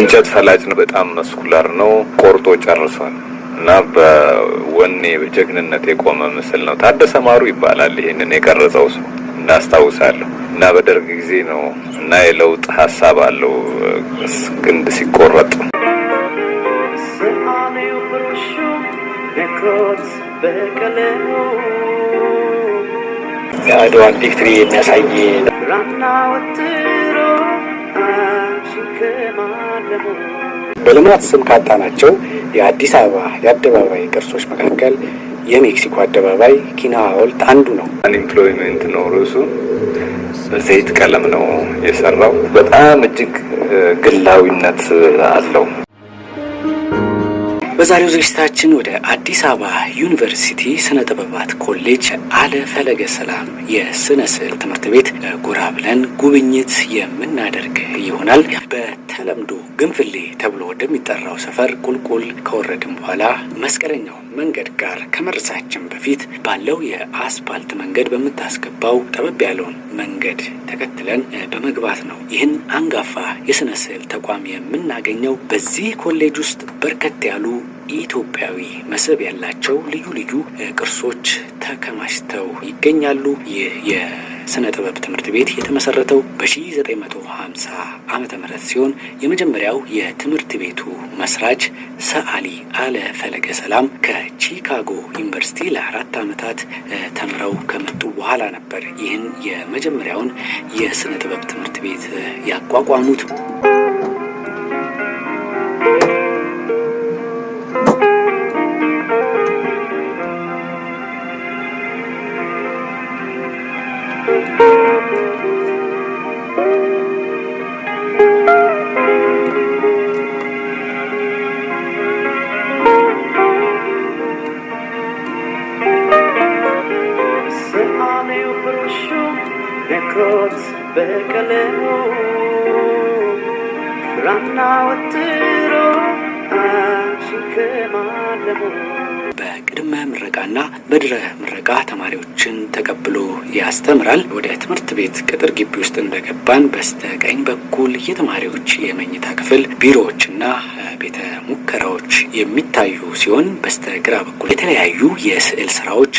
እንጨት ፈላጭ ነው። በጣም መስኩላር ነው። ቆርጦ ጨርሷል እና በወኔ በጀግንነት የቆመ ምስል ነው። ታደሰ ማሩ ይባላል ይህንን የቀረጸው ሰው እናስታውሳለሁ። እና በደርግ ጊዜ ነው እና የለውጥ ሀሳብ አለው ግንድ ሲቆረጥ የአድዋን ቪክትሪ የሚያሳይ በልማት ስም ካጣናቸው የአዲስ አበባ የአደባባይ ቅርሶች መካከል የሜክሲኮ አደባባይ ኪና ሐውልት አንዱ ነው። አንኤምፕሎይመንት ነው ርዕሱ። ዘይት ቀለም ነው የሰራው። በጣም እጅግ ግላዊነት አለው። በዛሬው ዝግጅታችን ወደ አዲስ አበባ ዩኒቨርሲቲ ስነ ጥበባት ኮሌጅ አለ ፈለገ ሰላም የስነ ስዕል ትምህርት ቤት ጎራ ብለን ጉብኝት የምናደርግ ይሆናል። በተለምዶ ግንፍሌ ተብሎ ወደሚጠራው ሰፈር ቁልቁል ከወረድም በኋላ መስቀለኛው መንገድ ጋር ከመድረሳችን በፊት ባለው የአስፓልት መንገድ በምታስገባው ጠበብ ያለውን መንገድ ተከትለን በመግባት ነው። ይህን አንጋፋ የስነ ስዕል ተቋም የምናገኘው በዚህ ኮሌጅ ውስጥ በርከት ያሉ ኢትዮጵያዊ መስህብ ያላቸው ልዩ ልዩ ቅርሶች ተከማችተው ይገኛሉ። ይህ የስነ ጥበብ ትምህርት ቤት የተመሰረተው በ1950 ዓ ም ሲሆን የመጀመሪያው የትምህርት ቤቱ መስራች ሰዓሊ አለ ፈለገ ሰላም ከቺካጎ ዩኒቨርሲቲ ለአራት ዓመታት ተምረው ከመጡ በኋላ ነበር ይህን የመጀመሪያውን የስነ ጥበብ ትምህርት ቤት ያቋቋሙት። በድረ ምረቃ ተማሪዎችን ተቀብሎ ያስተምራል። ወደ ትምህርት ቤት ቅጥር ግቢ ውስጥ እንደገባን በስተቀኝ በኩል የተማሪዎች የመኝታ ክፍል ቢሮዎችና ቤተ ሙከራዎች የሚታዩ ሲሆን በስተግራ በኩል የተለያዩ የስዕል ስራዎች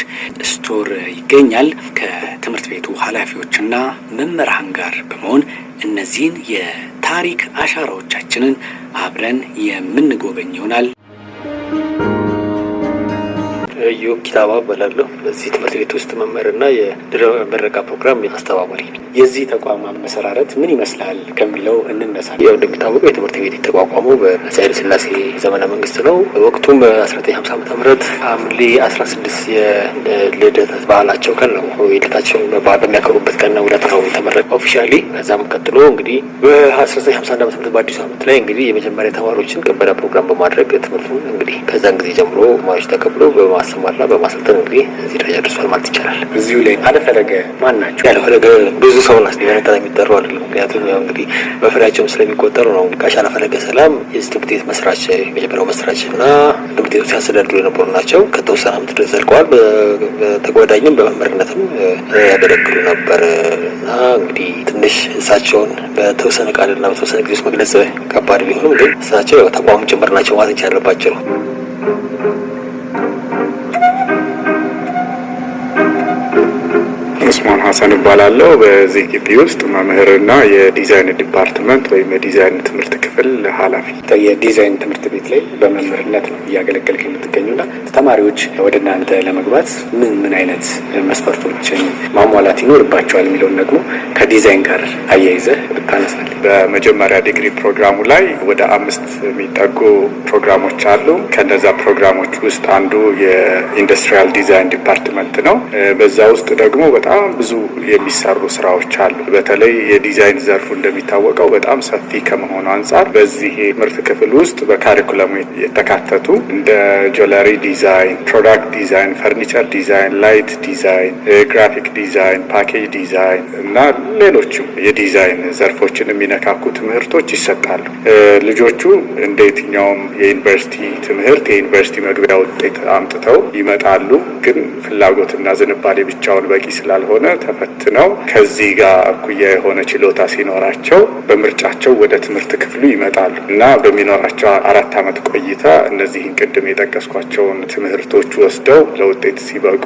ስቶር ይገኛል። ከትምህርት ቤቱ ኃላፊዎችና መምህራን ጋር በመሆን እነዚህን የታሪክ አሻራዎቻችንን አብረን የምንጎበኝ ይሆናል። እዩ ኪታባ እባላለሁ። በዚህ ትምህርት ቤት ውስጥ መምህርና የድረ ምረቃ ፕሮግራም አስተባባሪ። የዚህ ተቋም አመሰራረት ምን ይመስላል ከሚለው እንነሳል። ያው እንደሚታወቀው የትምህርት ቤት የተቋቋመው በአፄ ኃይለሥላሴ ዘመነ መንግስት ነው። ወቅቱም 1950 ዓ ም ሐምሌ 16 የልደት በዓላቸው ቀን ነው። የልደታቸው በዓል በሚያከብሩበት ቀን ነው ለት ነው የተመረቀ ኦፊሻሊ። ከዛም ቀጥሎ እንግዲህ በ1951 ዓ ም በአዲሱ ዓመት ላይ እንግዲህ የመጀመሪያ ተማሪዎችን ቅበላ ፕሮግራም በማድረግ ትምህርቱን እንግዲህ ከዛን ጊዜ ጀምሮ ተማሪዎች ተቀብሎ በማ በማሰማርና በማሰልጠን እንግዲህ እዚህ ደረጃ ደርሷል ማለት ይቻላል። እዚሁ ላይ አለፈለገ ማን ናቸው? አለፈለገ ብዙ ሰው ናስ ሊመጣ የሚጠሩ አይደለም። ምክንያቱም ያው እንግዲህ በፍሬያቸውም ስለሚቆጠሩ ነው። ጋሽ አለፈለገ ሰላም የዚህ ትምህርት ቤት መስራች የመጀመሪያው መስራች እና ትምህርት ቤቱ ሲያስተዳድሩ የነበሩ ናቸው። ከተወሰነ ዓመት ድረስ ዘልቀዋል። በተጓዳኝም በመምህርነትም ያገለግሉ ነበር እና እንግዲህ ትንሽ እሳቸውን በተወሰነ ቃልና በተወሰነ ጊዜ ውስጥ መግለጽ ከባድ ቢሆንም ግን እሳቸው ተቋሙ ጭምር ናቸው ማለት እንችላለባቸው። ኡስማን ሀሰን እባላለሁ። በዚህ ግቢ ውስጥ መምህርና የዲዛይን ዲፓርትመንት ወይም የዲዛይን ትምህርት ክፍል ኃላፊ። የዲዛይን ትምህርት ቤት ላይ በመምህርነት ነው እያገለገልክ የምትገኙና ተማሪዎች ወደ እናንተ ለመግባት ምን ምን አይነት መስፈርቶችን ማሟላት ይኖርባቸዋል የሚለውን ደግሞ ከዲዛይን ጋር አያይዘህ ብታነሳል። በመጀመሪያ ዲግሪ ፕሮግራሙ ላይ ወደ አምስት የሚጠጉ ፕሮግራሞች አሉ። ከነዛ ፕሮግራሞች ውስጥ አንዱ የኢንዱስትሪያል ዲዛይን ዲፓርትመንት ነው። በዛ ውስጥ ደግሞ በጣም በጣም ብዙ የሚሰሩ ስራዎች አሉ። በተለይ የዲዛይን ዘርፉ እንደሚታወቀው በጣም ሰፊ ከመሆኑ አንጻር በዚህ ምርት ክፍል ውስጥ በካሪኩለሙ የተካተቱ እንደ ጆለሪ ዲዛይን፣ ፕሮዳክት ዲዛይን፣ ፈርኒቸር ዲዛይን፣ ላይት ዲዛይን፣ ግራፊክ ዲዛይን፣ ፓኬጅ ዲዛይን እና ሌሎችም የዲዛይን ዘርፎችን የሚነካኩ ትምህርቶች ይሰጣሉ። ልጆቹ እንደ የትኛውም የዩኒቨርሲቲ ትምህርት የዩኒቨርሲቲ መግቢያ ውጤት አምጥተው ይመጣሉ። ግን ፍላጎትና ዝንባሌ ብቻውን በቂ ስላልሆነ ከሆነ ተፈትነው ከዚህ ጋር እኩያ የሆነ ችሎታ ሲኖራቸው በምርጫቸው ወደ ትምህርት ክፍሉ ይመጣሉ እና በሚኖራቸው አራት ዓመት ቆይታ እነዚህን ቅድም የጠቀስኳቸውን ትምህርቶች ወስደው ለውጤት ሲበቁ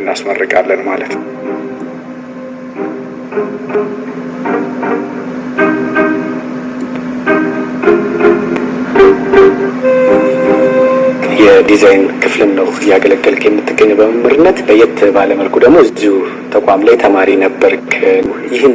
እናስመርቃለን ማለት ነው። የዲዛይን ክፍልን ነው እያገለገልክ የምትገኝ በመምህርነት። ለየት ባለመልኩ ደግሞ እዚሁ ተቋም ላይ ተማሪ ነበርክ። ይህን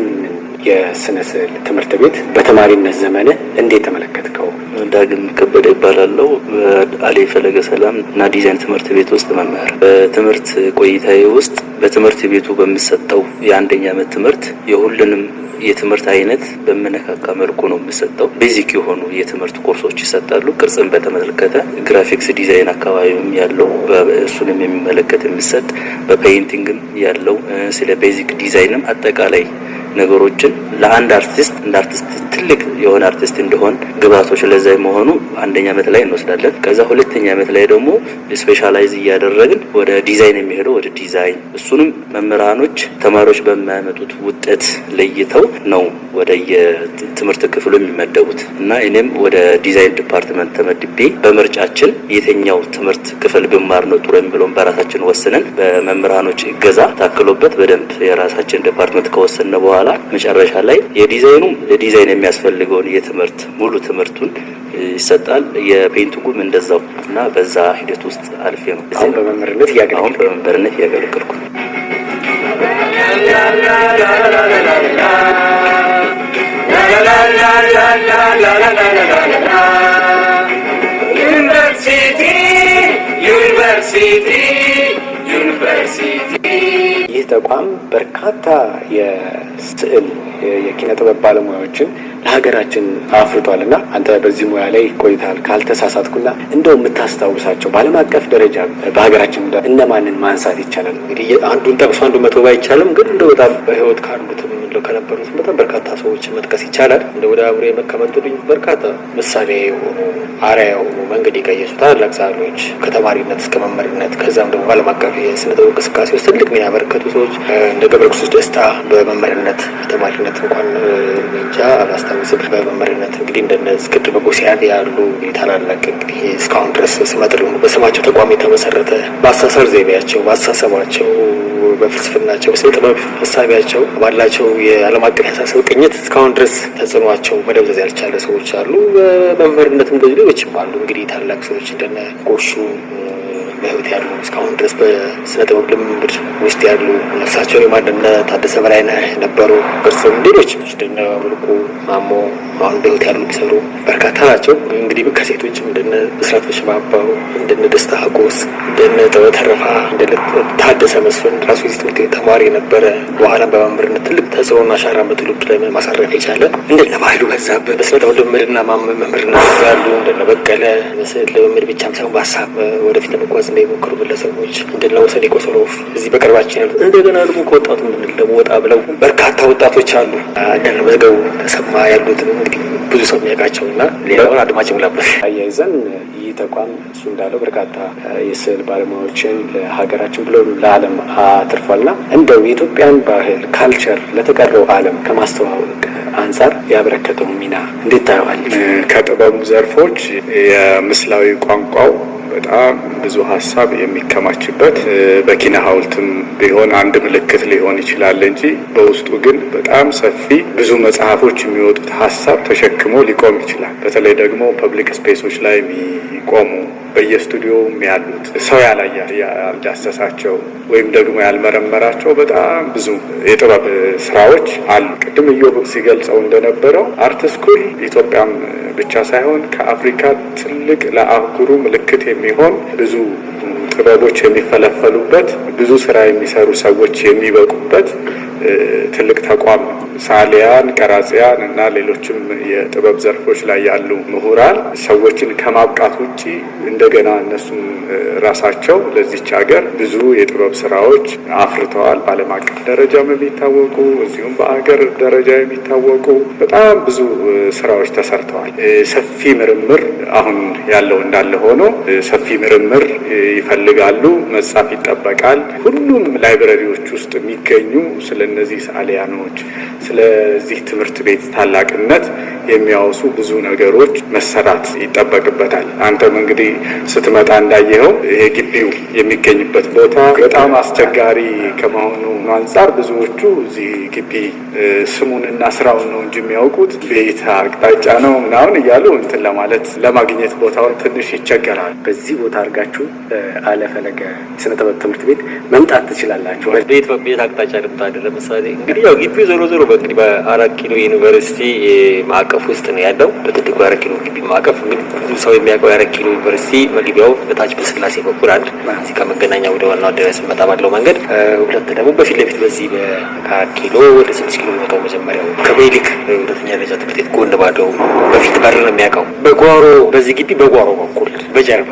የስነ ስዕል ትምህርት ቤት በተማሪነት ዘመን እንዴት ተመለከትከው? ዳግም ከበደ ይባላለው በአሌ ፈለገ ሰላም እና ዲዛይን ትምህርት ቤት ውስጥ መምህር። በትምህርት ቆይታዬ ውስጥ በትምህርት ቤቱ በሚሰጠው የአንደኛ ዓመት ትምህርት የሁሉንም የትምህርት አይነት በምነካካ መልኩ ነው የምሰጠው። ቤዚክ የሆኑ የትምህርት ኮርሶች ይሰጣሉ። ቅርጽን በተመለከተ ግራፊክስ ዲዛይን አካባቢም ያለው እሱንም የሚመለከት የሚሰጥ በፔይንቲንግም ያለው ስለ ቤዚክ ዲዛይንም አጠቃላይ ነገሮችን ለአንድ አርቲስት እንደ አርቲስት ትልቅ የሆነ አርቲስት እንደሆን ግባቶች ለዛ መሆኑ አንደኛ ዓመት ላይ እንወስዳለን። ከዛ ሁለተኛ ዓመት ላይ ደግሞ ስፔሻላይዝ እያደረግን ወደ ዲዛይን የሚሄደው ወደ ዲዛይን እሱንም መምህራኖች ተማሪዎች በማያመጡት ውጤት ለይተው ነው ወደ የትምህርት ክፍሉ የሚመደቡት እና እኔም ወደ ዲዛይን ዲፓርትመንት ተመድቤ በምርጫችን የትኛው ትምህርት ክፍል ብማር ነው ጥሩ የሚለውን በራሳችን ወስነን በመምህራኖች እገዛ ታክሎበት በደንብ የራሳችን ዲፓርትመንት ከወሰነ በኋላ መጨረሻ ላይ የዲዛይኑ የዲዛይን የሚያስፈልገውን የትምህርት ሙሉ ትምህርቱን ይሰጣል። የፔንትጉም እንደዛው እና በዛ ሂደት ውስጥ አልፌ ነው አሁን በመምህርነት እያገለገልኩ ዩኒቨርሲቲ ዩኒቨርሲቲ ዩኒቨርሲቲ ይህ ተቋም በርካታ የስዕል የኪነ ጥበብ ባለሙያዎችን ለሀገራችን አፍርቷል እና አንተ በዚህ ሙያ ላይ ቆይታል ካልተሳሳትኩና እንደው የምታስታውሳቸው በዓለም አቀፍ ደረጃ በሀገራችን እነማንን ማንሳት ይቻላል? እንግዲህ አንዱን ጠቅሶ አንዱ መቶ ባይቻልም ግን እንደው በጣም በህይወት ካሉትም ተገድለው ከነበሩት በጣም በርካታ ሰዎች መጥቀስ ይቻላል። እንደ ወደ አብሮ የመከመጡልኝ በርካታ ምሳሌ የሆኑ አርያ የሆኑ መንገድ የቀየሱ ታላላቅ ሰዓሊዎች ከተማሪነት እስከ መመሪነት ከዛም ደግሞ ዓለም አቀፍ የስነ እንቅስቃሴ ውስጥ ትልቅ ሚና ያበረከቱ ሰዎች እንደ ገብረክርስቶስ ደስታ በመመሪነት ተማሪነት እንኳን እንጃ አላስታውስም። በመመሪነት እንግዲህ እንደነ እስክንድር ቦጎሲያን ያሉ ታላላቅ እንግዲህ እስካሁን ድረስ ስመጥር በስማቸው ተቋም የተመሰረተ በአስተሳሰር ዘይቤያቸው፣ በአሳሰባቸው፣ በፍልስፍናቸው፣ ስነ ሀሳቢያቸው ባላቸው የዓለም አቀፍ ያሳሰብ ቅኝት እስካሁን ድረስ ተጽዕኗቸው መደብዘዝ ያልቻለ ሰዎች አሉ። በመምህርነትም እንደዚህ ሌሎችም አሉ። እንግዲህ ታላቅ ሰዎች እንደነ ጎሹ በህይወት ያሉ እስካሁን ድረስ በስነ ጥበብ ልምምድ ውስጥ ያሉ ነፍሳቸውን የማደነ ታደሰ በላይነህ ነበሩ። ቅርጽም ሌሎች እንደነ ብርቁ ማሞ አሁን በህይወት ያሉ የሚሰሩ በርካታ ናቸው። እንግዲህ ከሴቶች እንደነ ብስራት በሽባባው፣ እንደነ ደስታ ሀጎስ፣ እንደነ ጥበብ ተረፋ፣ እንደነ ታደሰ መስፍን ራሱ የዚህ ትምህርት ቤት ተማሪ የነበረ በኋላ በመምህርነት ትልቅ ተጽዕኖና አሻራ በትውልድ ላይ ማሳረፍ የቻለ እንደነ ባህሉ በዛብህ በስነ ጥበብ ልምምድና መምህርነት ያሉ እንደነ በቀለ በስዕል ልምምድ ብቻም ሳይሆን በሀሳብ ወደፊት ለመጓዝ የሞከሩ ግለሰቦች እንድናወሰድ የቆሰሮ ወፍ እዚህ በቅርባችን ያሉት እንደገና ደግሞ ከወጣቱ ምንድን ደግሞ ወጣ ብለው በርካታ ወጣቶች አሉ። እንደመዝገቡ ተሰማ ያሉት እንግዲህ ብዙ ሰው የሚያውቃቸው እና ሌላውን አድማጭ ብላበት አያይዘን ይህ ተቋም እሱ እንዳለው በርካታ የስዕል ባለሙያዎችን ለሀገራችን ብሎ ለዓለም አትርፏልና እንደው የኢትዮጵያን ባህል ካልቸር ለተቀረው ዓለም ከማስተዋወቅ አንጻር ያበረከተው ሚና እንዴት ታየዋል? ከጥበቡ ዘርፎች የምስላዊ ቋንቋው በጣም ብዙ ሀሳብ የሚከማችበት በኪነ ሀውልትም ቢሆን አንድ ምልክት ሊሆን ይችላል እንጂ በውስጡ ግን በጣም ሰፊ ብዙ መጽሐፎች የሚወጡት ሀሳብ ተሸክሞ ሊቆም ይችላል። በተለይ ደግሞ ፐብሊክ ስፔሶች ላይ የሚቆሙ በየስቱዲዮውም ያሉት ሰው ያላየ ያልዳሰሳቸው ወይም ደግሞ ያልመረመራቸው በጣም ብዙ የጥበብ ስራዎች አሉ። ቅድም እዮብ ሲገልጸው እንደነበረው አርት ስኩል ኢትዮጵያም ብቻ ሳይሆን ከአፍሪካ ትልቅ ለአህጉሩ ምልክት የሚሆን ብዙ ጥበቦች የሚፈለፈሉበት ብዙ ስራ የሚሰሩ ሰዎች የሚበቁበት ትልቅ ተቋም ነው። ሳሊያን፣ ቀራጽያን እና ሌሎችም የጥበብ ዘርፎች ላይ ያሉ ምሁራን ሰዎችን ከማብቃት ውጭ እንደገና እነሱም ራሳቸው ለዚች ሀገር ብዙ የጥበብ ስራዎች አፍርተዋል። በዓለም አቀፍ ደረጃም የሚታወቁ እዚሁም በሀገር ደረጃ የሚታወቁ በጣም ብዙ ስራዎች ተሰርተዋል። ሰፊ ምርምር አሁን ያለው እንዳለ ሆኖ ሰፊ ምርምር ይፈልጋሉ። መጻፍ ይጠበቃል። ሁሉም ላይብረሪዎች ውስጥ የሚገኙ ስለነዚህ ሰዓሊያኖች፣ ስለዚህ ትምህርት ቤት ታላቅነት የሚያወሱ ብዙ ነገሮች መሰራት ይጠበቅበታል። አንተም እንግዲህ ስትመጣ እንዳየኸው ይሄ ግቢው የሚገኝበት ቦታ በጣም አስቸጋሪ ከመሆኑ አንጻር ብዙዎቹ እዚህ ግቢ ስሙንና ስራውን ነው እንጂ የሚያውቁት ቤት አቅጣጫ ነው ምናምን እያሉ እንትን ለማለት ለማግኘት ቦታውን ትንሽ ይቸገራል። በዚህ ቦታ አድርጋችሁ አለፈለገ ስነ ጥበብ ትምህርት ቤት መምጣት ትችላላችሁ። ቤት በቤት አቅጣጫ ልታደር ለምሳሌ እንግዲህ ያው ግቢ ዞሮ ዞሮ በእንግዲህ በአራት ኪሎ ዩኒቨርሲቲ ማዕቀፍ ውስጥ ነው ያለው በትልቁ የአራት ኪሎ ግቢ ማዕቀፍ ብዙ ሰው የሚያውቀው የአራት ኪሎ ዩኒቨርሲቲ መግቢያው በታች በስላሴ በኩል አንድ እዚህ ከመገናኛ ወደ ዋናው አደባባይ መጣ ባለው መንገድ፣ ሁለት ደግሞ በፊት ለፊት በዚህ ኪሎ ወደ ስድስት ኪሎ ቦታው መጀመሪያው ከሜሊክ ሁለተኛ ደረጃ ትምህርት ቤት ጎን ባለው በፊት በር ነው የሚያውቀው በጓሮ በዚህ ግቢ በጓሮ በኩል በጀርባ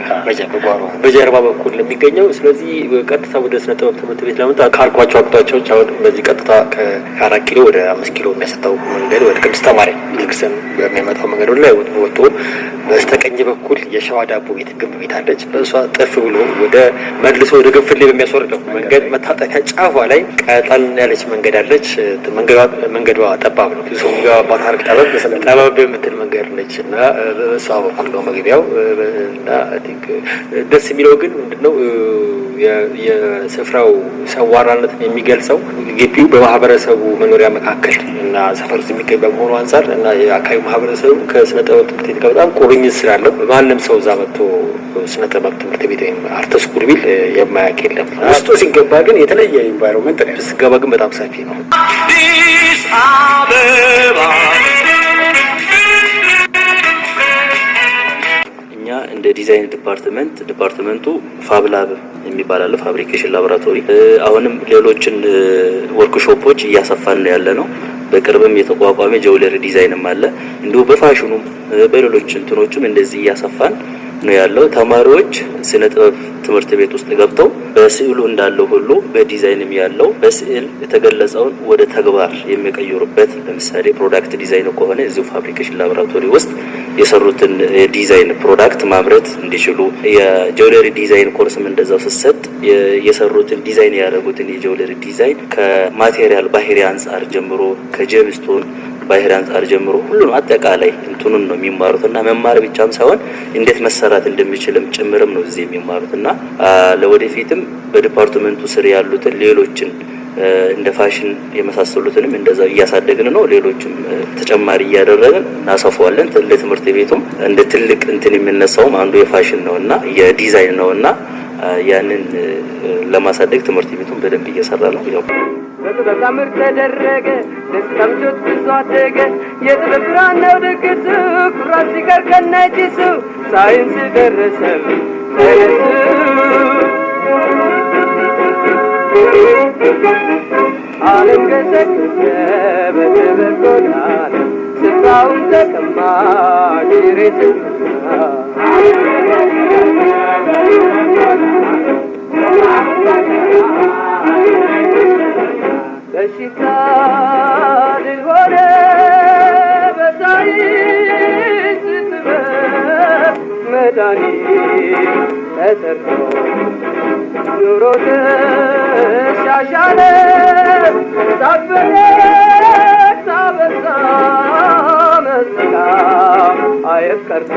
በጓሮ በጀርባ በኩል ነው የሚገኘው። ስለዚህ ቀጥታ ወደ ስነ ጥበብ ትምህርት ቤት ለመምጣት ካልኳቸው አቅጣጫዎች አሁን በዚህ ቀጥታ ከአራት ኪሎ ወደ አምስት ኪሎ የሚያሰጠው መንገድ ወደ ቅድስት ማርያም ቤተክርስቲያን በሚያመጣው መንገድ ላይ ወጥቶ በስተቀኝ በኩል የሸዋ ዳቦ ቤት ግንብ ቤት አለች። እሷ ጥፍ ብሎ ወደ መልሶ ወደ ገንፍሌ በሚያስወርደው መንገድ መታጠፊያ ጫፏ ላይ ቀጠን ያለች መንገድ አለች። መንገዷ ጠባብ ነው። ሰው የሚገባባት አርቅ ጠበብ የምትል መንገድ ነች እና በእሷ በኩል ነው መግቢያው እና ደስ የሚለው ግን ምንድነው የስፍራው ሰዋራነትን የሚገልጸው ግቢው በማህበረሰቡ መኖሪያ መካከል እና ሰፈር ውስጥ የሚገኝ በመሆኑ አንጻር እና የአካባቢ ማህበረሰቡ ከስነ ጥበብ ትምህርት ቤት ጋር በጣም ቁርኝት ስላለው ማንም ሰው እዛ መጥቶ ስነ ጥበብ ትምህርት ቤት ወይም አርት ስኩል ቢል የማያውቅ የለም። ውስጡ ሲገባ ግን የተለየ ኢንቫይሮንመንት ነው። ሲገባ ግን በጣም ሰፊ ነው። አዲስ አበባ እኛ እንደ ዲዛይን ዲፓርትመንት ዲፓርትመንቱ ፋብላብ የሚባል አለ፣ ፋብሪኬሽን ላቦራቶሪ። አሁንም ሌሎችን ወርክሾፖች እያሰፋን ነው ያለ ነው። በቅርብም የተቋቋመ ጀውለሪ ዲዛይንም አለ። እንዲሁ በፋሽኑም በሌሎች እንትኖችም እንደዚህ እያሰፋን ነው ያለው። ተማሪዎች ስነ ጥበብ ትምህርት ቤት ውስጥ ገብተው በስዕሉ እንዳለው ሁሉ በዲዛይንም ያለው በስዕል የተገለጸውን ወደ ተግባር የሚቀይሩበት ለምሳሌ ፕሮዳክት ዲዛይን ከሆነ እዚሁ ፋብሪኬሽን ላቦራቶሪ ውስጥ የሰሩትን የዲዛይን ፕሮዳክት ማምረት እንዲችሉ፣ የጆለሪ ዲዛይን ኮርስም እንደዛው ስሰጥ የሰሩትን ዲዛይን ያደረጉትን የጆለሪ ዲዛይን ከማቴሪያል ባህሪ አንጻር ጀምሮ ከጀብስቶን ባህር አንጻር ጀምሮ ሁሉንም አጠቃላይ እንትኑን ነው የሚማሩት እና መማር ብቻም ሳይሆን እንዴት መሰራት እንደሚችልም ጭምርም ነው እዚህ የሚማሩት እና ለወደፊትም በዲፓርትመንቱ ስር ያሉትን ሌሎችን እንደ ፋሽን የመሳሰሉትንም እንደዛ እያሳደግን ነው። ሌሎችም ተጨማሪ እያደረግን እናሰፋዋለን። እንደ ትምህርት ቤቱም እንደ ትልቅ እንትን የሚነሳውም አንዱ የፋሽን ነው እና የዲዛይን ነው እና ያንን ለማሳደግ ትምህርት ቤቱም በደንብ እየሰራ ነው። በተምር ተደረገ ደስታም ጆት ብዙ አደገ የጥበብራን ነው ድግሱ ኩራት ሲቀር ከነጭሱ ሳይንስ ደረሰም ተረሱ ዓለም ገሰገሰ በጥበብ ጎዳና ስፍራውን ተቀማ ጊሬት Thank you. በሽታ ድል ሆነ በሳይንስ ጥበብ መድኃኒት ተሰርቶ ኑሮ ተሻሻለ አየት ቀርቶ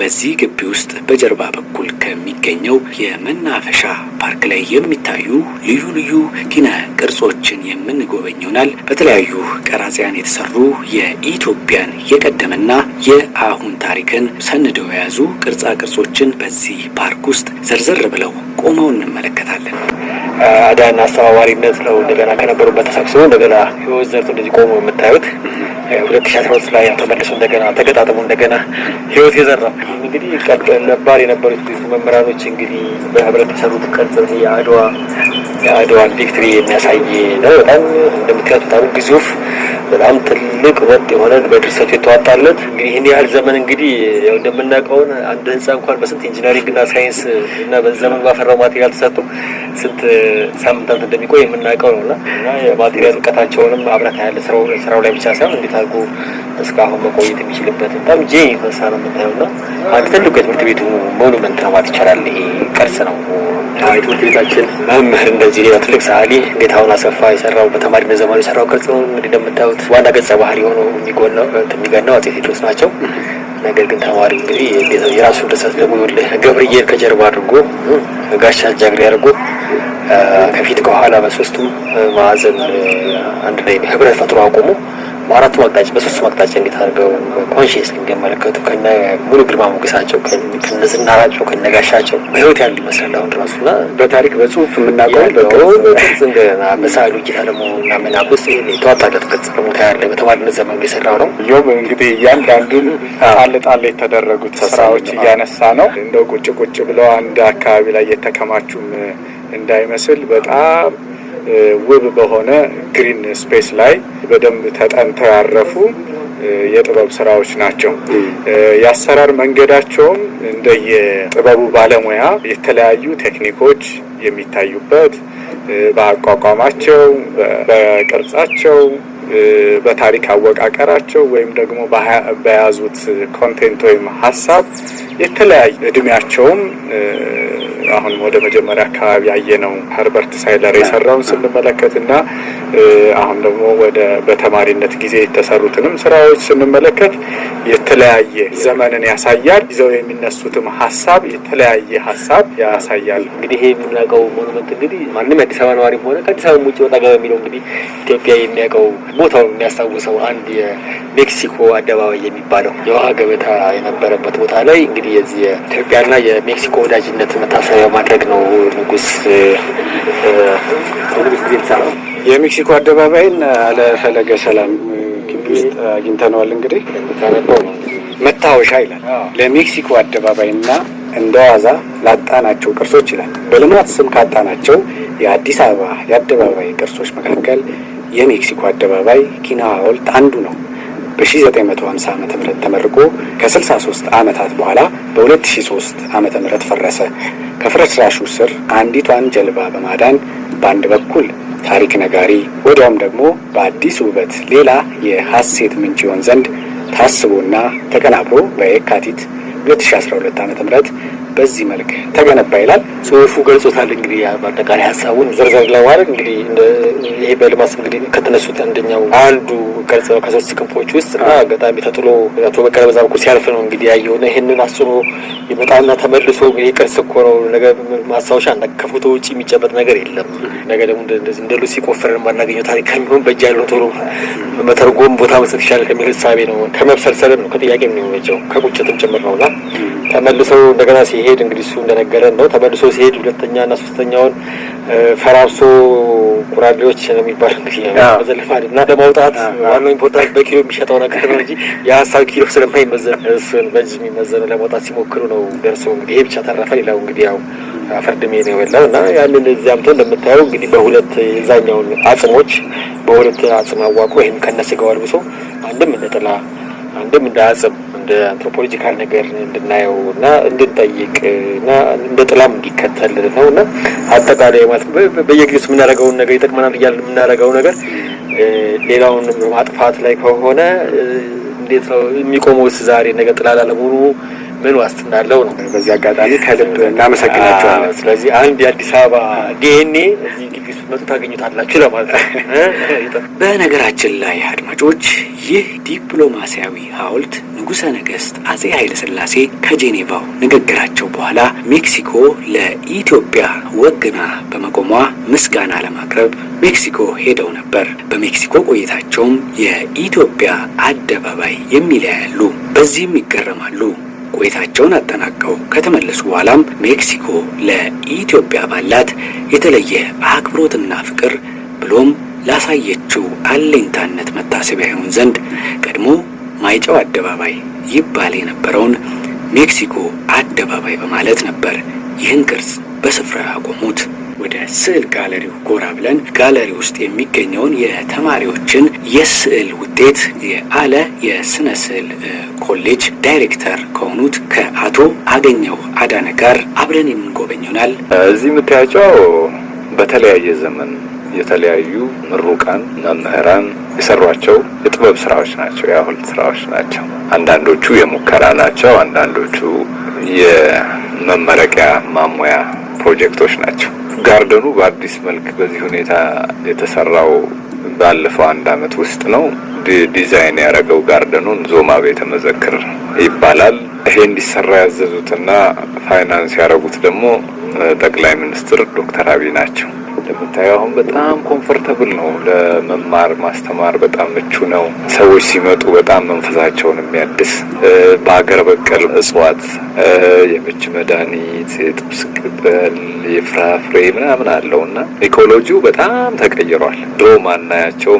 በዚህ ግቢ ውስጥ በጀርባ በኩል ከሚገኘው የመናፈሻ ፓርክ ላይ የሚታዩ ልዩ ልዩ ኪነ ቅርጾችን የምንጎበኝ ይሆናል። በተለያዩ ቀራጺያን የተሰሩ የኢትዮጵያን የቀደመና የአሁን ታሪክን ሰንደው የያዙ ቅርጻ ቅርጾችን በዚህ ፓርክ ውስጥ ዘርዘር ብለው ቆመው እንመለከታለን። አዳና አስተባባሪነት ነው እንደገና ከነበሩበት ተሳክሶ እንደገና ህይወት ዘርቶ እንደዚህ ቆሞ የምታዩት ሁለት ሺ አስራ ሁለት ላይ ተመልሶ እንደገና ተገጣጥሞ እንደገና ህይወት የዘራ እንግዲህ ነባር የነበሩት መምህራኖች እንግዲህ በህብረት የሰሩት kata ni ya aduan ya aduan dikri nak saya ye oh, no dan demikian tahu bizuf በጣም ትልቅ ወጥ የሆነ በድርሰቱ የተዋጣለት እንግዲህ ይህን ያህል ዘመን እንግዲህ ያው እንደምናውቀውን አንድ ህንፃ እንኳን በስንት ኢንጂነሪንግ እና ሳይንስ እና በዘመኑ ባፈራው ማቴሪያል ተሰርቶ ስንት ሳምንታት እንደሚቆይ የምናውቀው ነው እና የማቴሪያል እውቀታቸውንም አብረታ ያለ ስራው ላይ ብቻ ሳይሆን እንዴት አድርጎ እስካሁን መቆየት የሚችልበት በጣም ጄ የተነሳ ነው የምታየው እና አንድ ትልቅ የትምህርት ቤቱ ሞኑመንት ነው ማለት ይቻላል። ይሄ ቅርስ ነው። ትምህርት ቤታችን መምህር እንደዚህ ሌላ ትልቅ ሰዓሊ እንዴት አሁን አሰፋ የሰራው በተማሪ ዘመኑ የሰራው ቅርጽ ነው እንግዲህ እንደምታዩት የሚሆኑት ዋና ገጸ ባህሪ የሆኑ የሚገናው አጼ ቴዎድሮስ ናቸው። ነገር ግን ተማሪ እንግዲህ የራሱ ድርሰት ደግሞ ገብርዬን ከጀርባ አድርጎ ጋሻ ጃግሬ አድርጎ ከፊት ከኋላ በሶስቱ ማዕዘን አንድ ላይ ህብረት ፈጥሮ አቁሞ በአራቱም አቅጣጫ በሶስቱም አቅጣጫ እንዴት አድርገው ኮንሽስ እንደሚመለከቱ ከነ ሙሉ ግርማ ሞገሳቸው ከነ ዝናራቸው ከነ ጋሻቸው በህይወት ያሉ ይመስላል አሁን ድረስ እና በታሪክ በጽሁፍ የምናውቀው በሳሉ እይታ ደግሞ እና መናፍስት የተዋጣለት ቅጽ ደግሞ ታያለህ። በተማሪነት ዘመኑ የሰራው ነው። ዮብ እንግዲህ እያንዳንዱን ጣል ጣል የተደረጉት ስራዎች እያነሳ ነው። እንደው ቁጭ ቁጭ ብለው አንድ አካባቢ ላይ የተከማቹም እንዳይመስል በጣም ውብ በሆነ ግሪን ስፔስ ላይ በደንብ ተጠንተው ያረፉ የጥበብ ስራዎች ናቸው። የአሰራር መንገዳቸውም እንደ የጥበቡ ባለሙያ የተለያዩ ቴክኒኮች የሚታዩበት በአቋቋማቸው፣ በቅርጻቸው፣ በታሪክ አወቃቀራቸው ወይም ደግሞ በያዙት ኮንቴንት ወይም ሀሳብ የተለያዩ እድሜያቸውም አሁን ወደ መጀመሪያ አካባቢ ያየነው ሀርበርት ሳይለር የሰራውን ስንመለከት ስንመለከትና አሁን ደግሞ ወደ በተማሪነት ጊዜ የተሰሩትንም ስራዎች ስንመለከት የተለያየ ዘመንን ያሳያል። ይዘው የሚነሱትም ሀሳብ የተለያየ ሀሳብ ያሳያል። እንግዲህ ይሄ የምናውቀው ሞኑመንት እንግዲህ ማንም የአዲስ አበባ ነዋሪም ሆነ ከአዲስ አበባ ውጭ ወጣ ገባ የሚለው እንግዲህ ኢትዮጵያ የሚያውቀው ቦታውን የሚያስታውሰው አንድ የሜክሲኮ አደባባይ የሚባለው የውሃ ገበታ የነበረበት ቦታ ላይ እንግዲህ የዚህ የኢትዮጵያና የሜክሲኮ ወዳጅነት መታሰ የማድረግ ነው ንጉስ የሜክሲኮ አደባባይን አለ ፈለገ ሰላም ግቢ ውስጥ አግኝተነዋል። እንግዲህ መታወሻ ይላል ለሜክሲኮ አደባባይና እንደ ዋዛ ላጣናቸው ቅርሶች ይላል። በልማት ስም ካጣናቸው የአዲስ አበባ የአደባባይ ቅርሶች መካከል የሜክሲኮ አደባባይ ኪና ሐውልት አንዱ ነው። በ1950 ዓ ም ተመርቆ ከ63 ዓመታት በኋላ በ2003 ዓ ም ፈረሰ። ከፍርስራሹ ስር አንዲቷን ጀልባ በማዳን በአንድ በኩል ታሪክ ነጋሪ፣ ወዲያውም ደግሞ በአዲስ ውበት ሌላ የሐሴት ምንጭ ይሆን ዘንድ ታስቦና ተቀናብሮ በየካቲት 2012 ዓ ም በዚህ መልክ ተገነባ ይላል ጽሁፉ ገልጾታል። እንግዲህ በአጠቃላይ ሀሳቡን ዘርዘር ለማድረግ እንግዲህ ይህ በልማት እንግዲህ ከተነሱት አንደኛው አንዱ ከሶስት ክንፎች ውስጥ እና በጣም ተጥሎ አቶ በቀለ በዛ በኩል ሲያልፍ ነው እንግዲህ ያየሆነ ይህንን አስኖ ይመጣና ተመልሶ ይህ ቅርስ እኮ ነው ነገ ማስታወሻ ከፎቶ ውጭ የሚጨበጥ ነገር የለም። ነገ ደግሞ እንደዚህ እንደ ሉሲ ቆፍረን ማናገኘው ታሪክ ከሚሆን በእጅ ያለው ቶሎ መተርጎም ቦታ መስጠት ይሻላል ከሚል እሳቤ ነው። ከመብሰልሰልም ነው ከጥያቄ ነው ከቁጭትም ጭምር ነውና ተመልሰው እንደገና ሲ ሲሄድ እንግዲህ እሱ እንደነገረን ነው ተመልሶ ሲሄድ ሁለተኛና ሶስተኛውን ፈራርሶ ኩራሌዎች ነው የሚባለው እንግዲህ መዘለፍ እና ለማውጣት ዋናው ኢምፖርታንት በኪሎ የሚሸጠው ነገር ነው እንጂ የሀሳብ ኪሎ ስለማይመዘን እሱን በእጅ የሚመዘነው ለማውጣት ሲሞክሩ ነው ደርሰው እንግዲህ ይሄ ብቻ ተረፈ። ሌላው እንግዲህ ያው አፈርድሜ ነው የበላው እና ያንን እዚያም ቶ እንደምታየው እንግዲህ በሁለት የዛኛውን አጽሞች በሁለት አጽም አዋቁ ይህም ከነስጋው ብሶ አንድም እንደ ጥላ አንድም እንደ አጽም እንደ አንትሮፖሎጂካል ነገር እንድናየው እና እንድንጠይቅ እና እንደ ጥላም እንዲከተል ነው እና አጠቃላይ ማለት በየጊዜ የምናደርገውን ነገር ይጠቅመናል እያልን የምናደርገው ነገር ሌላውን ማጥፋት ላይ ከሆነ እንዴት ነው የሚቆመውስ ዛሬ ነገር ጥላላ ለመሆኑ ምን ዋስትና አለው ነው። በዚህ አጋጣሚ ከልብ እናመሰግናቸዋለን። ስለዚህ አንድ የአዲስ አበባ ዲኤንኤ እዚህ ግቢ ስትመጡ ታገኙታላችሁ ለማለት ነው። በነገራችን ላይ አድማጮች፣ ይህ ዲፕሎማሲያዊ ሀውልት ንጉሠ ነገሥት አጼ ኃይለሥላሴ ከጄኔቫው ንግግራቸው በኋላ ሜክሲኮ ለኢትዮጵያ ወግና በመቆሟ ምስጋና ለማቅረብ ሜክሲኮ ሄደው ነበር። በሜክሲኮ ቆይታቸውም የኢትዮጵያ አደባባይ የሚለያሉ፣ በዚህም ይገረማሉ። ቆይታቸውን አጠናቀው ከተመለሱ በኋላም ሜክሲኮ ለኢትዮጵያ ባላት የተለየ አክብሮትና ፍቅር ብሎም ላሳየችው አለኝታነት መታሰቢያ ይሆን ዘንድ ቀድሞ ማይጨው አደባባይ ይባል የነበረውን ሜክሲኮ አደባባይ በማለት ነበር ይህን ቅርጽ በስፍራ ያቆሙት። ወደ ስዕል ጋለሪው ጎራ ብለን ጋለሪ ውስጥ የሚገኘውን የተማሪዎችን የስዕል ውጤት የአለ የስነ ስዕል ኮሌጅ ዳይሬክተር ከሆኑት ከአቶ አገኘው አዳነ ጋር አብረን የምንጎበኝ እዚህ የምታያቸው በተለያየ ዘመን የተለያዩ ምሩቃን መምህራን የሰሯቸው የጥበብ ስራዎች ናቸው፣ የአሁል ስራዎች ናቸው። አንዳንዶቹ የሙከራ ናቸው፣ አንዳንዶቹ የመመረቂያ ማሙያ ፕሮጀክቶች ናቸው። ጋርደኑ በአዲስ መልክ በዚህ ሁኔታ የተሰራው ባለፈው አንድ አመት ውስጥ ነው። ዲዛይን ያደረገው ጋርደኑን ዞማ ቤተ መዘክር ይባላል። ይሄ እንዲሰራ ያዘዙትና ፋይናንስ ያደረጉት ደግሞ ጠቅላይ ሚኒስትር ዶክተር አብይ ናቸው። እንደምታየው አሁን በጣም ኮምፈርተብል ነው ለመማር ማስተማር በጣም ምቹ ነው። ሰዎች ሲመጡ በጣም መንፈሳቸውን የሚያድስ በሀገር በቀል እጽዋት የምች መድኃኒት፣ የጥብስ ቅጠል፣ የፍራፍሬ ምናምን አለው እና ኢኮሎጂው በጣም ተቀይሯል። ድሮ ማናያቸው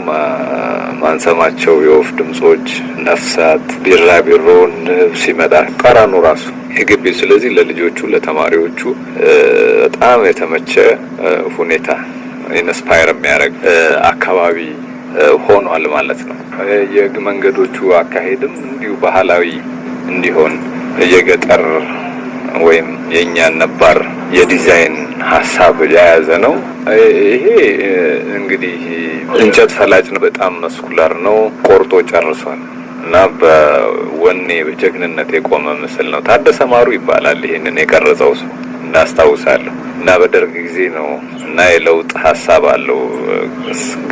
ማንሰማቸው የወፍ ድምጾች፣ ነፍሳት፣ ቢራቢሮ ንብ ሲመጣ ጠረኑ ራሱ የግቢ ስለዚህ ለልጆቹ ለተማሪዎቹ በጣም የተመቸ ሁኔታ ኢንስፓየር የሚያደርግ አካባቢ ሆኗል ማለት ነው። የመንገዶቹ አካሄድም እንዲሁ ባህላዊ እንዲሆን የገጠር ወይም የእኛን ነባር የዲዛይን ሀሳብ የያዘ ነው። ይሄ እንግዲህ እንጨት ፈላጭ ነው። በጣም መስኩላር ነው። ቆርጦ ጨርሷል። እና በወኔ በጀግንነት የቆመ ምስል ነው። ታደሰ ማሩ ይባላል ይህንን የቀረጸው ሰው እናስታውሳለሁ። እና በደርግ ጊዜ ነው እና የለውጥ ሀሳብ አለው።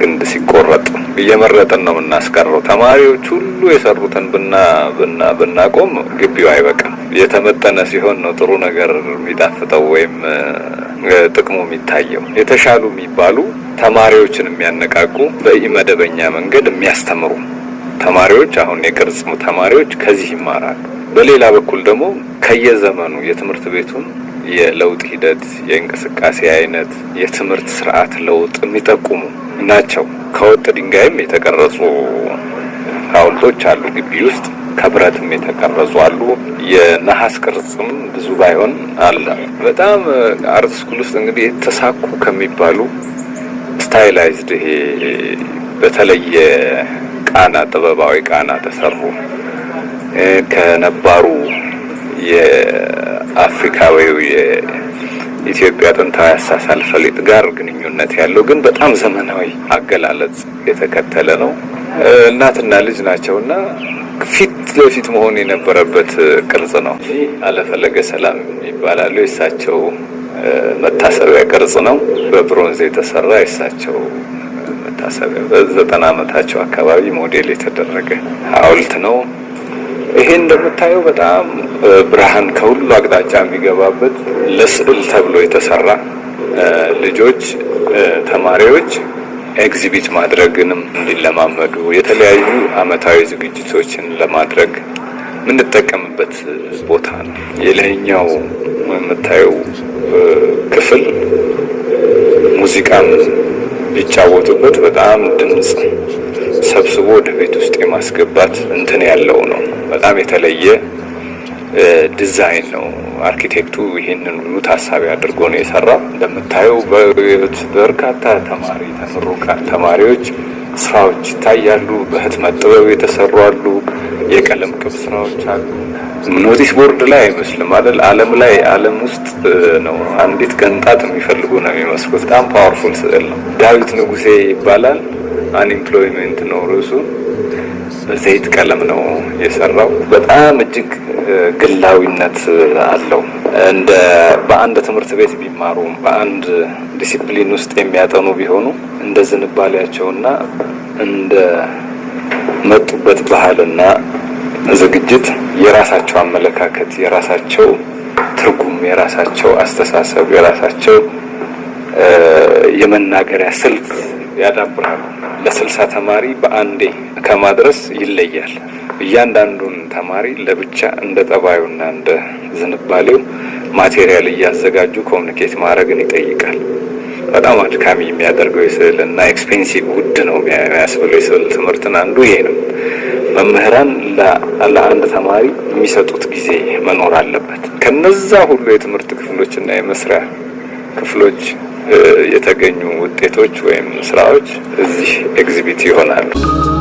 ግንድ ሲቆረጥ እየመረጥን ነው የምናስቀረው። ተማሪዎች ሁሉ የሰሩትን ብና ብና ብናቆም ግቢው አይበቃም። የተመጠነ ሲሆን ነው ጥሩ ነገር የሚጣፍጠው ወይም ጥቅሙ የሚታየው። የተሻሉ የሚባሉ ተማሪዎችን የሚያነቃቁ በኢመደበኛ መንገድ የሚያስተምሩ ተማሪዎች አሁን የቅርጽ ተማሪዎች ከዚህ ይማራሉ። በሌላ በኩል ደግሞ ከየዘመኑ የትምህርት ቤቱን የለውጥ ሂደት፣ የእንቅስቃሴ አይነት፣ የትምህርት ስርዓት ለውጥ የሚጠቁሙ ናቸው። ከወጥ ድንጋይም የተቀረጹ ሐውልቶች አሉ ግቢ ውስጥ ከብረትም የተቀረጹ አሉ። የነሐስ ቅርጽም ብዙ ባይሆን አለ። በጣም አርት ስኩል ውስጥ እንግዲህ የተሳኩ ከሚባሉ ስታይላይዝድ ይሄ በተለየ ቃና ጥበባዊ ቃና ተሰሩ ከነባሩ የአፍሪካዊው የኢትዮጵያ ጥንታዊ አሳሳል ፈሊጥ ጋር ግንኙነት ያለው ግን በጣም ዘመናዊ አገላለጽ የተከተለ ነው። እናትና ልጅ ናቸው እና ፊት ለፊት መሆን የነበረበት ቅርጽ ነው። አለፈለገ ሰላም ይባላሉ። የእሳቸው መታሰቢያ ቅርጽ ነው። በብሮንዝ የተሰራ የእሳቸው መታሰቢያ በዘጠና አመታቸው አካባቢ ሞዴል የተደረገ ሀውልት ነው። ይሄ እንደምታየው በጣም ብርሃን ከሁሉ አቅጣጫ የሚገባበት ለስዕል ተብሎ የተሰራ ልጆች ተማሪዎች ኤግዚቢት ማድረግንም እንዲለማመዱ የተለያዩ አመታዊ ዝግጅቶችን ለማድረግ የምንጠቀምበት ቦታ ነው። የላይኛው የምታየው ክፍል ሙዚቃም ሊጫወቱበት በጣም ድምፅ ሰብስቦ ወደ ቤት ውስጥ የማስገባት እንትን ያለው ነው። በጣም የተለየ ዲዛይን ነው። አርኪቴክቱ ሁሉ ታሳቢ አድርጎ ነው የሰራ እንደምታየው በርካታ ተማሪ ተምሩቃን ተማሪዎች ስራዎች ይታያሉ። በህትመት ጥበብ የተሰሩ አሉ። የቀለም ቅብ ስራዎች አሉ። ኖቲስ ቦርድ ላይ አይመስልም አይደል? ዓለም ላይ ዓለም ውስጥ ነው። አንዲት ቅንጣት የሚፈልጉ ነው የሚመስሉት። በጣም ፓወርፉል ስዕል ነው። ዳዊት ንጉሴ ይባላል። አንኤምፕሎይመንት ነው ርዕሱ። ዘይት ቀለም ነው የሰራው። በጣም እጅግ ግላዊነት አለው። እንደ በአንድ ትምህርት ቤት ቢማሩ በአንድ ዲሲፕሊን ውስጥ የሚያጠኑ ቢሆኑ እንደ ዝንባሌያቸውና እንደ መጡበት ባህልና ዝግጅት የራሳቸው አመለካከት፣ የራሳቸው ትርጉም፣ የራሳቸው አስተሳሰብ፣ የራሳቸው የመናገሪያ ስልት ያዳብራሉ። ለስልሳ ተማሪ በአንዴ ከማድረስ ይለያል። እያንዳንዱን ተማሪ ለብቻ እንደ ጠባዩና እንደ ዝንባሌው ማቴሪያል እያዘጋጁ ኮሚኒኬት ማድረግን ይጠይቃል። በጣም አድካሚ የሚያደርገው የስዕል እና ኤክስፔንሲቭ ውድ ነው የሚያስብለው የስዕል ትምህርትን አንዱ ይሄ ነው። መምህራን ለአንድ ተማሪ የሚሰጡት ጊዜ መኖር አለበት። ከነዛ ሁሉ የትምህርት ክፍሎችና የመስሪያ ክፍሎች የተገኙ ውጤቶች ወይም ስራዎች እዚህ ኤግዚቢት ይሆናሉ።